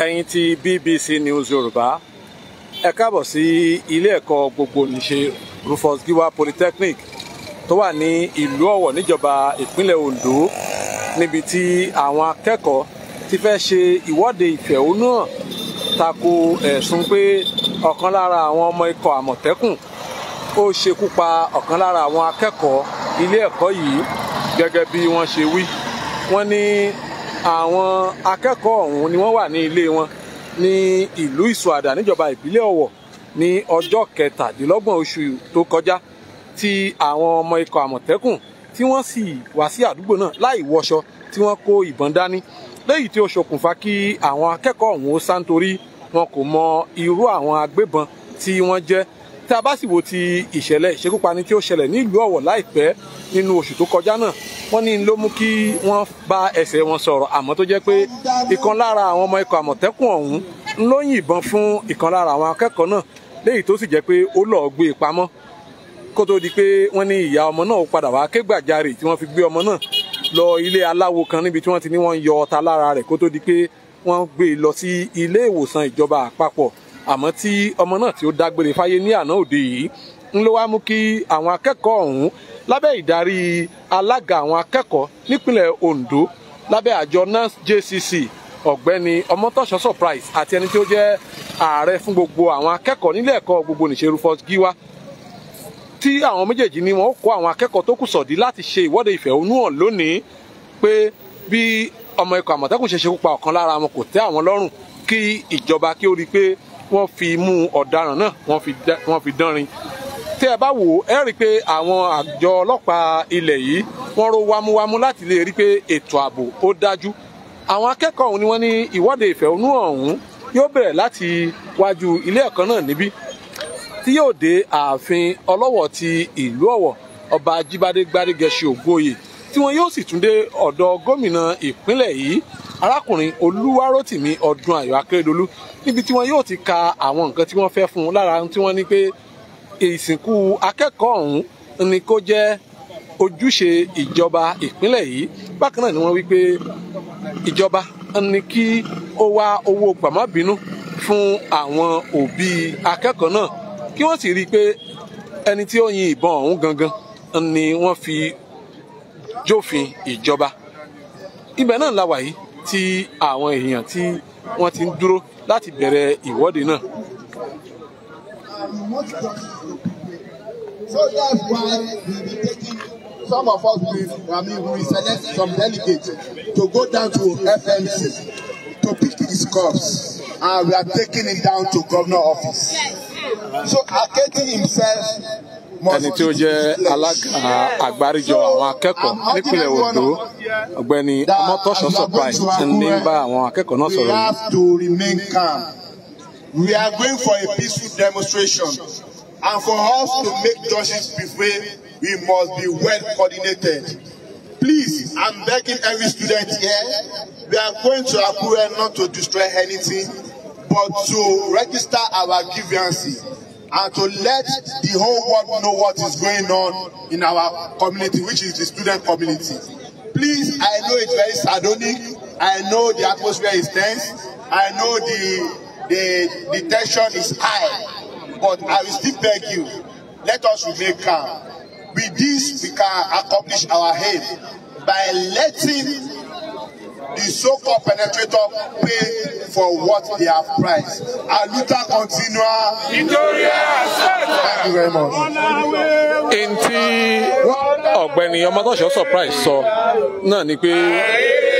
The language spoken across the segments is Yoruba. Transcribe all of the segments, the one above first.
ẹ̀yin ti BBC News Yorùbá ẹ káàbọ̀ sí ilé ẹ̀kọ́ gbogbonìṣe Rufus Giwa Polytechnic tó wà ní ìlú Ọ̀wọ̀ níjọba ìpínlẹ̀ Ondo níbi tí àwọn akẹ́kọ̀ọ́ ti fẹ́ ṣe ìwọ́de ìfẹ̀hónúhàn tako ẹ̀sùn pé ọ̀kan lára àwọn ọmọ ikọ̀ Àmọ̀tẹ́kùn ó ṣekú pa ọ̀kan lára àwọn akẹ́kọ̀ọ́ ilé ẹ̀kọ́ yìí gẹ́gẹ́ bí wọ́n ṣe wí wọ́n ní àwọn akẹ́kọ̀ọ́ ọ̀hún ni wọ́n wà ní ilé wọn ní ìlú ìsúàdà níjọba ìbílẹ̀ ọ̀wọ̀ ní ọjọ́ kẹtàdínlọ́gbọ̀n oṣù tó kọjá tí àwọn ọmọ ikọ̀ àmọ̀tẹ́kùn tí wọ́n sì wá sí àdúgbò náà láì wọṣọ tí wọ́n kó ìbọn dání léyìí tí ó ṣokùnfà kí àwọn akẹ́kọ̀ọ́ ọ̀hún ó sá nítorí wọn kò mọ irú àwọn agbébọn tí wọ́n jẹ́ tá a bá sì wo ti ìṣẹ̀lẹ̀ ìṣekúpani tí ó ṣẹlẹ̀ nílùú Ọ̀wọ̀ láìpẹ́ nínú oṣù tó kọjá náà wọ́n ní ló mú kí wọ́n bá ẹsẹ̀ wọn sọ̀rọ̀ àmọ́ tó jẹ́ pé ìkan lára àwọn ọmọ ikọ̀ àmọ̀tẹ́kùn ọ̀hún ló yìnbọn fún ìkan lára àwọn akẹ́kọ̀ọ́ náà léyìí tó sì jẹ́ pé ó lọ́ọ́ gbé e pamọ́ kó tó di pé wọ́n ní ìyá ọmọ náà ó padà wá ké tí wọ́n fi gbé ọmọ náà lọ ilé aláwo kan níbi tí wọ́n ti ní wọ́n yọ ọta lára rẹ̀ kó tó di pé wọ́n gbé e lọ sí ilé ìwòsàn ìjọba àpapọ̀ àmọ́ tí ọmọ náà tí ó dágbére fáyé ní àná òde yìí ń ló wá mú kí àwọn akẹ́kọ̀ọ́ ọ̀hún lábẹ́ ìdarí alága àwọn akẹ́kọ̀ọ́ nípínlẹ̀ Ondo lábẹ́ àjọ NANS JCC ọ̀gbẹ́ni ọmọtọ́ṣọ́ surprise àti ẹni tí ó jẹ́ ààrẹ fún gbogbo àwọn akẹ́kọ̀ọ́ nílé ẹ̀kọ́ gbogbo nìṣe Rufus Giwa tí àwọn méjèèjì ni wọn kó àwọn akẹ́kọ̀ọ́ tó kù sọ̀dí láti ṣe ìwọ́de ìfẹ̀hónúhàn lónìí pé bí ọmọ ikọ̀ àmọ̀tẹ́kùn ṣe ṣekú pa ọ̀kan lára wọn kò tẹ́ àwọn lọ́rùn kí ìjọba kí ó rí i pé wọ́n fi mú ọ̀daràn náà wọ́n fi dánrin tí ẹ bá wò ó ẹ rí i pé àwọn àjọ ọlọ́pàá ilẹ̀ yìí wọ́n ro wámúwámú láti lè rí i pé ètò ààbò ó dájú àwọn akẹ́kọ̀ọ́ ọ̀hún ni wọ́n ní ìwọ́de ìfẹ̀hónú ọ̀hún yóò bẹ̀rẹ̀ láti wájú ilé ẹ̀kọ́ náà níbí tí yóò dé ààfin ọlọ́wọ̀ ti ìlú ọ̀wọ̀ ọba ajíbádé gbádégẹṣin ògbóyè tí wọn yóò sì tún dé ọ̀dọ̀ gómìnà ìpínlẹ̀ yìí arákùnrin olúwarótìmí ọdún ayọ̀ akérèdọ́lù níbi tí wọn yóò ti ka àwọn nǹkan tí wọ́n fẹ́ fún un lára tí wọ́n ní pé ìsìnkú akẹ́kọ̀ọ́ ọ̀hún ni kó jẹ́ ojúṣe ìjọba ìpínlẹ̀ yìí bákan náà ni wọ́n wí pé ìjọba ni kí ó wá owó gbàmọ́bínú fún àwọn òbí akẹ́kọ̀ọ́ náà kí wọ́n sì rí i pé ẹni tí ó yin ìbọn ọ̀hún gangan ni wọ́n fi jófin ìjọba ibẹ̀ náà la wà yìí tí àwọn èèyàn tí wọ́n ti ń dúró láti bẹ̀rẹ̀ ìwọ́de náà. So that's why we be taking some of us with Rami we select some delegates to go down to FMC to pick his cups and we are taking it down to governor office. So Aketi himself ẹni tí ó jẹ́ alága àgbáríjọ àwọn akẹ́kọ̀ọ́ nípínlẹ̀ Ondo ọ̀gbẹ́ni amọ́tọ́ṣọ́ surprise ní bá àwọn akẹ́kọ̀ọ́ náà sọ̀rọ̀ yìí. We are going for a peaceful demonstration. And for us to make justice prevail, we must be well coordinated. Please, I'm begging every student here, we are going to Akure not to destroy anything, but to register our grievances and to let the whole world know what is going on in our community, which is the student community. Please, I know it's very sardonic. I know the atmosphere is tense. I know the, the, the tension is high. But I will still beg you, let us remain calm. With this, we can accomplish our aim by letting the so-called penetrator pay for what they have priced. Aluta continua. Nítorí àṣẹ. Thank you very much. Ntí ọ̀gbẹ́ni Ọmọtọ́ṣọ́ surprise sọ náà ni pé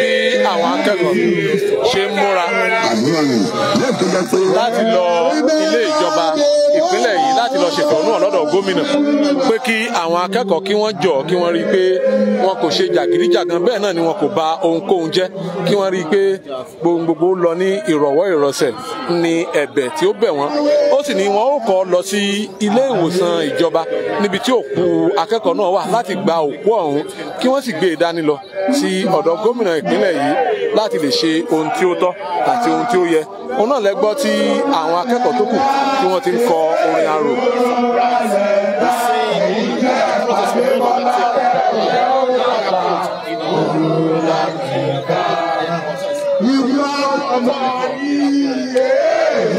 bí àwọn akẹ́kọ̀ọ́ ṣe ń múra láti lọ ilé ìjọba ìpínlẹ̀ yìí láti lọ ṣèfẹ̀hónú hàn lọ́dọ̀ gómìnà pé kí àwọn akẹ́kọ̀ọ́ kí wọ́n jọ kí wọ́n rí i pé wọn kò ṣe jàgídíjàgan bẹ́ẹ̀ náà ni wọn kò bà ohunkóhun jẹ́ kí wọ́n rí i pé gbogbo lọ ní ìrọ̀wọ́ ìrọ̀sẹ̀ ni ẹ̀bẹ̀ tí ó bẹ̀ wọ́n ó sì ní wọn ó kọ́ lọ sí ilé ìwòsàn ìjọba níbi tí òkú akẹ́kọ̀ọ́ náà wà láti gba òkú ọ̀hún kí wọ́n sì gbé e dání lọ sí ọ̀dọ̀ gómìnà ìpínlẹ̀ yìí láti lè ṣe ohun tí ó tọ́ àti ohun tí ó yẹ òun náà lẹ́gbọ́ tí àwọn akẹ́kọ̀ọ́ tó kù tí wọ́n ti ń kọ orin arò. Ibu sing the process we know that Ìgbà ọmọ yìí,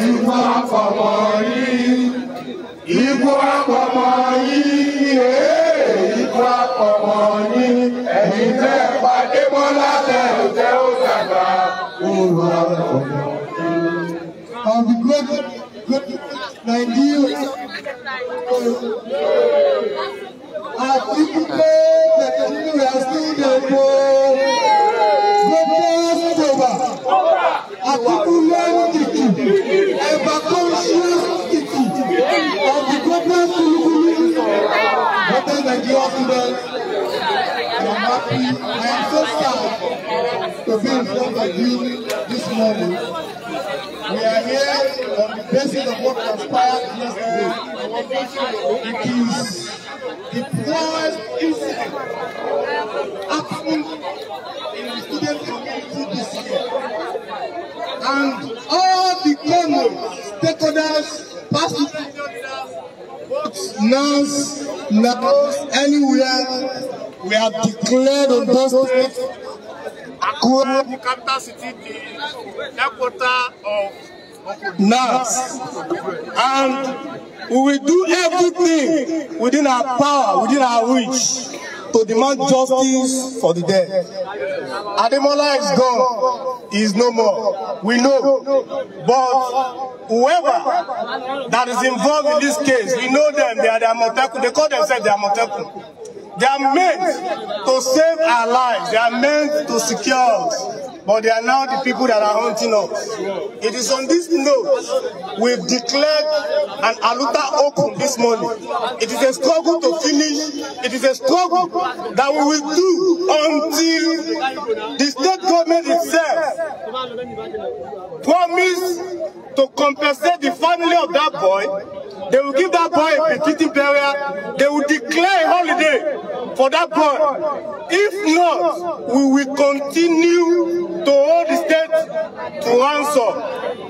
ìgbà ọmọ yìí, ìgbà ọmọ yìí, ìgbà ọmọ yìí, ẹ̀yin tẹ́ pàdé bọ́lá tẹ́ ò tẹ́ ó dàgbà. Ìgbà ọmọ yìí. Nàìjíríà àti pípé Nàìjíríà sí ìdàgbò gbogbo ṣèjọba àtúntò lẹ́nu kìkì ẹ̀bà conscious kìkì ọ̀dì gbogbo kúlúkúlú gbogbo Nàìjíríà students are happy I am so sad to be in front of you this morning. We are here on the basis of what transpired yesterday. It is the poorest incident happened in the student community this year. And all the governors, stakeholders, passengers, nuns, nurses, anywhere, we have declared on those states Accra, the capital city, the headquarter of NAS. And we will do everything within our power, within our reach, to demand justice for the dead. Ademola is gone, he is no more. We know. But whoever that is involved in this case, we know them, they are the Amotekun. They call themselves the Amotekun. They are meant to save our lives. They are meant to secure us. But they are now the people that are hunting us. It is on this note we've declared an Aluta Open this morning. It is a struggle to finish. It is a struggle that we will do until the state government itself promise to compensate the family of that boy They will give that boy a befitting burial. They will declare a holiday for that boy. If not, we will continue to hold the state to answer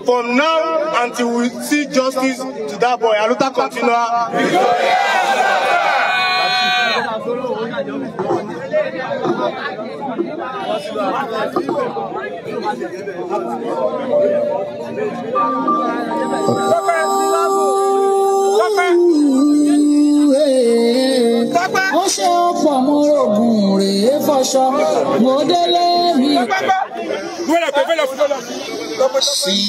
from now until we see justice to that boy. Aluta continua. Victoria! mo ṣe ọ̀pọ̀ mo rògùn rèé fọṣọ mo délé mi. sí.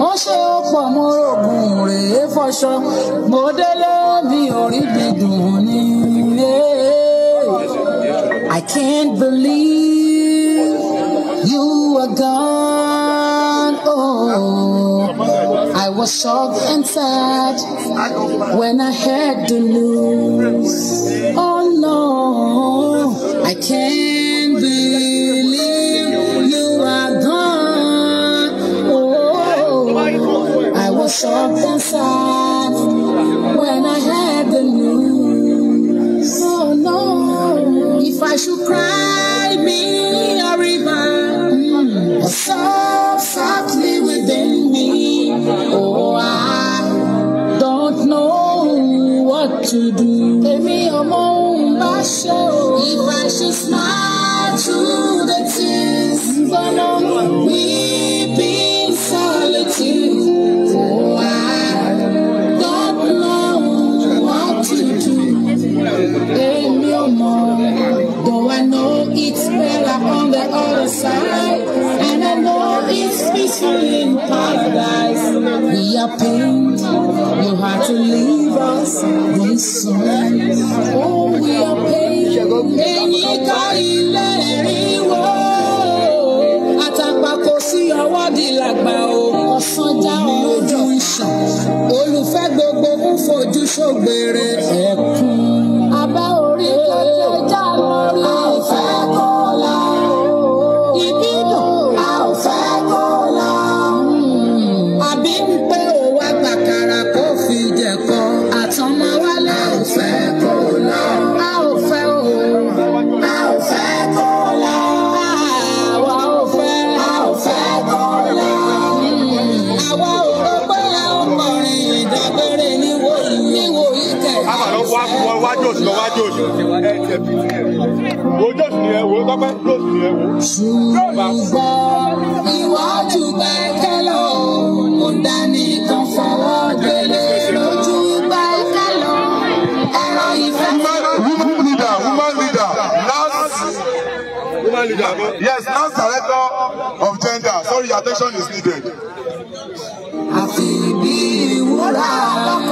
mo ṣe ọ̀pọ̀ mo rògùn rèé fọṣọ mo délé was shocked and sad when I heard the news. Oh no, I can't. to wá wá wá jòsì lọ wá jòsì ẹ ẹ bí ti ẹ wo jòsì ni ẹ wo tọpẹ jòsì ni ẹ wo. ṣùgbọ́n iwájú bẹ́ẹ̀kẹ́ lọ kò dání kan fọwọ́ délé lójú bẹ́ẹ̀kẹ́ lọ ẹ̀rọ ìfẹ́. woman leader woman leader last woman leader yes last director of gender sorry your attention is needed. àfi bí ìwúrà lọ́kọ̀.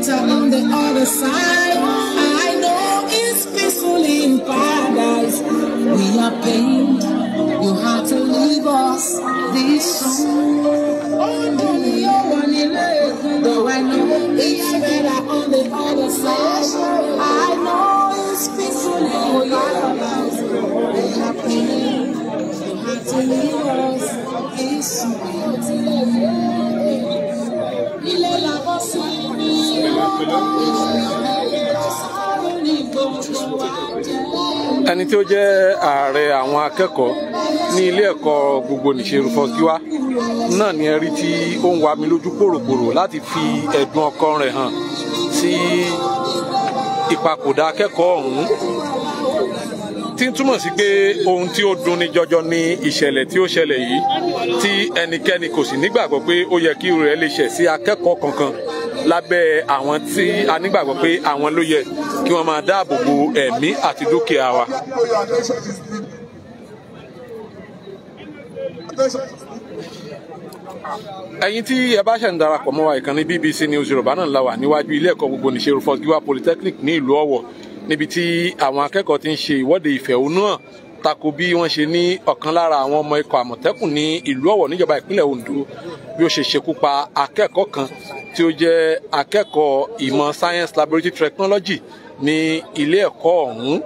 better on the other side. I know it's peaceful in paradise. We are pained. You have to leave us this soon. ẹni tí ó jẹ́ ààrẹ àwọn akẹ́kọ̀ọ́ ní ilé ẹ̀kọ́ gbogbo nìṣe Rufus náà ni ẹrí tí ó ń wá mi lójú pòròpòrò láti fi ẹ̀dùn ọkàn rẹ̀ hàn sí ìpapòdà akẹ́kọ̀ọ́ ọ̀hún tí ń túmọ̀ sí pé ohun tí ó dunni jọjọ ni ìṣẹ̀lẹ̀ tí ó ṣẹlẹ̀ yìí tí ẹnikẹ́ni kò sì nígbàgbọ́ pé ó yẹ kí rẹ̀ lè ṣẹ̀ sí akẹ́kọ̀ọ́ kankan lábẹ́ àwọn tí a nígbàgbọ́ pé àwọn ló yẹ kí wọ́n máa dáàbò bo ẹ̀mí àti dúkìá wa. ẹ̀yin tí ẹ bá ṣẹ̀ ń darapọ̀ mọ́ wa ìkànnì BBC News Yorùbá náà la wà níwájú ilé ẹ̀kọ́ gbogbo nìṣe Rufus Giwa Polytechnic ní ìlú Ọ̀wọ̀ níbi tí àwọn akẹ́kọ̀ọ́ ti ń ṣe ìwọ́de ìfẹ̀hónúhàn tako bí wọ́n ṣe ní ọ̀kan lára àwọn ọmọ ikọ̀ àmọ̀tẹ́kùn ní ìlú Ọ̀wọ̀ níjọba ìpínlẹ̀ Ondo bí ó ṣe ṣekú pa akẹ́kọ̀ọ́ kan tí ó jẹ́ akẹ́kọ̀ọ́ ìmọ̀ science laboratory technology ní ilé ẹ̀kọ́ ọ̀hún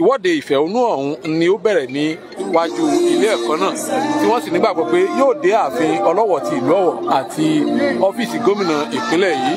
ìwọ́de ìfẹ̀hónú ọ̀hún ni ó bẹ̀rẹ̀ ní iwájú ilé ẹ̀kọ́ náà tí wọ́n sì nígbàgbọ́ pé yóò dé ààfin ọlọ́wọ̀ ti ìlú ọ̀wọ̀ àti ọ́fíìsì gómìnà ìpínlẹ̀ yìí.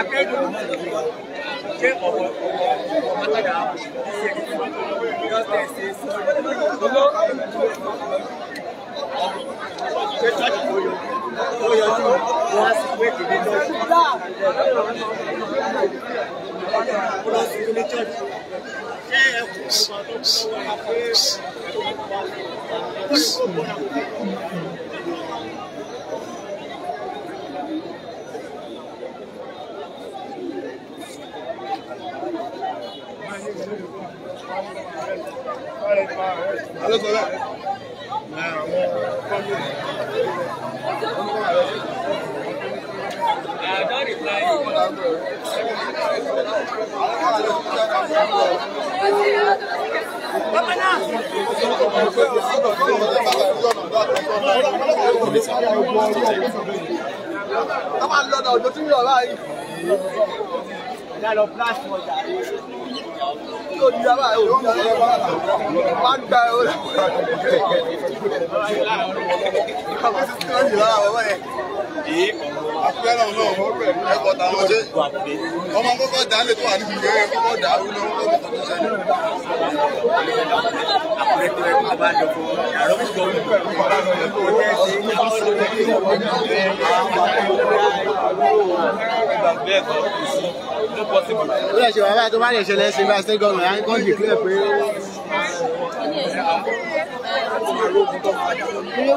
akẹ́dùn ṣé alókòlá àwọn kọ́ńdù Come on, Lord, you're doing your life. Now, the blast was that. yóò di dé ọ̀rọ̀ àpẹẹrẹ ọ̀nà ọ̀rọ̀ rẹ̀ ẹ̀kọ́ táwọn ṣe ọmọ kọ́kọ́ dá lè tó wà níbi ìgbẹ́ kọ́kọ́ dá ó lọ́wọ́ lọ́wọ́ tó ṣe. àpẹẹrẹ tó bá lọ fún yàrá ó gbọ́ ó lè ṣe bàbá tó bá lè ṣẹlẹ̀ ṣe bá ṣe gọ́ọ̀mù yà ń kọ́ jù kílẹ̀ pé. Thank you.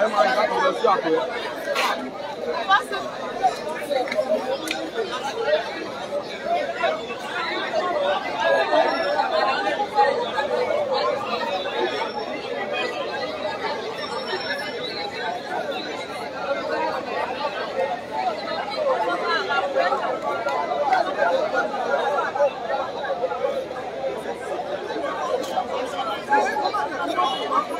ẹ máa yá kọjọ sí àpò.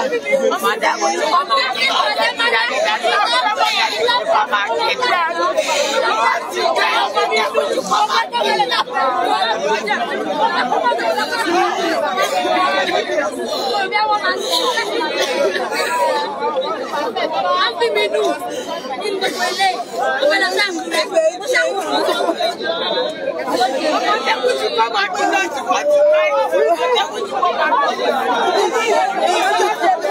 ọmọdé kò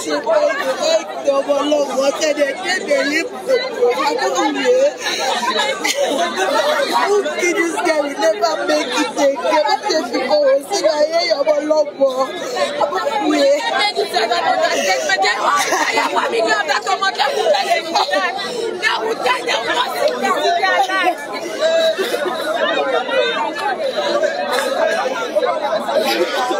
Ìṣèjọba ìjọba ọlọ́wọ́ tẹ́lẹ̀ tẹ́lẹ̀ lẹ́kọ̀ọ́ àbúrò Who kid this girl will never make it again? Wọ́n ti fi kọ̀wé sínú ayé ìyọ̀bọ lọ́wọ́ àbúrò yẹ. Thank you.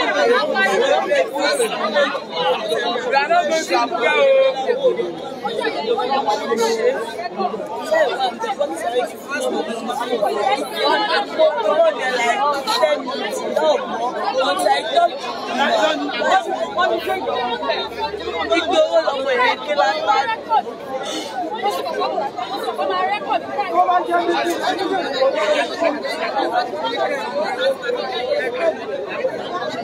ìdáná Thank you.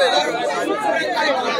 最高だ。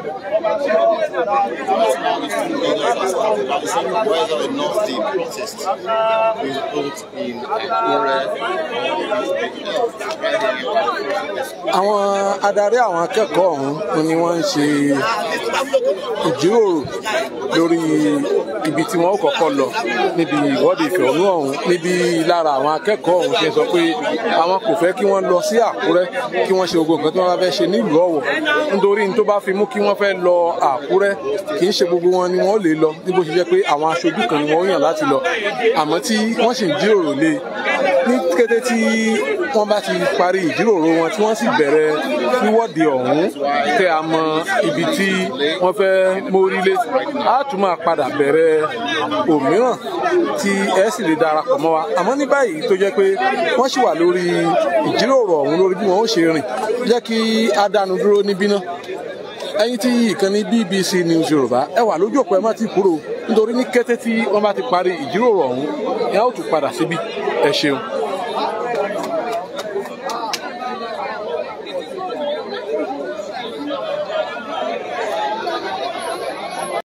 whether or not the protest result in Àkúrẹ́. Àwọn adarí àwọn akẹ́kọ̀ọ́ ọ̀hún ni wọ́n ń ṣe ìjíròrò lórí ibi tí wọ́n kọ́kọ́ lọ níbi ìwọ́de ìfẹ̀hónú ọ̀hún níbi lára àwọn akẹ́kọ̀ọ́ ọ̀hún ṣe sọ pé àwọn kò fẹ́ kí wọ́n lọ sí Àkúrẹ́ kí wọ́n ṣe gbogbo nǹkan tí wọ́n bá fẹ́ ṣe nílùú Ọ̀wọ̀ nítorí ní tó bá fi mú kí wọ́n fẹ́ lọ lọ Àkúrẹ́ kì í ṣe gbogbo wọn ni wọ́n lè lọ ní bó ṣe jẹ́ pé àwọn aṣojú kan ni wọ́n yàn láti lọ àmọ́ tí wọ́n sì ń jíròrò lé e, ní kété tí wọ́n bá ti parí ìjíròrò wọn tí wọ́n sì bẹ̀rẹ̀ wíwọ́de ọ̀hún kẹ́ a mọ ibi tí wọ́n fẹ́ mórílé a tún máa padà bẹ̀rẹ̀ òmíràn tí ẹ sì lè darapọ̀ mọ́ wa àmọ́ ní báyìí tó jẹ́ pé wọ́n sì wà lórí ìjíròrò ọ̀hún lórí bí wọ́n ó ṣe rìn jẹ́ kí a dánu dúró níbí náà ẹ̀yin tí ìkànnì BBC News Yorùbá ẹ wà lójú ọ̀pọ̀ ẹ má ti kúrò nítorí ní kété tí wọ́n bá ti parí ìjíròrò ọ̀hún ẹ á ó tún padà síbí ẹ ṣeun.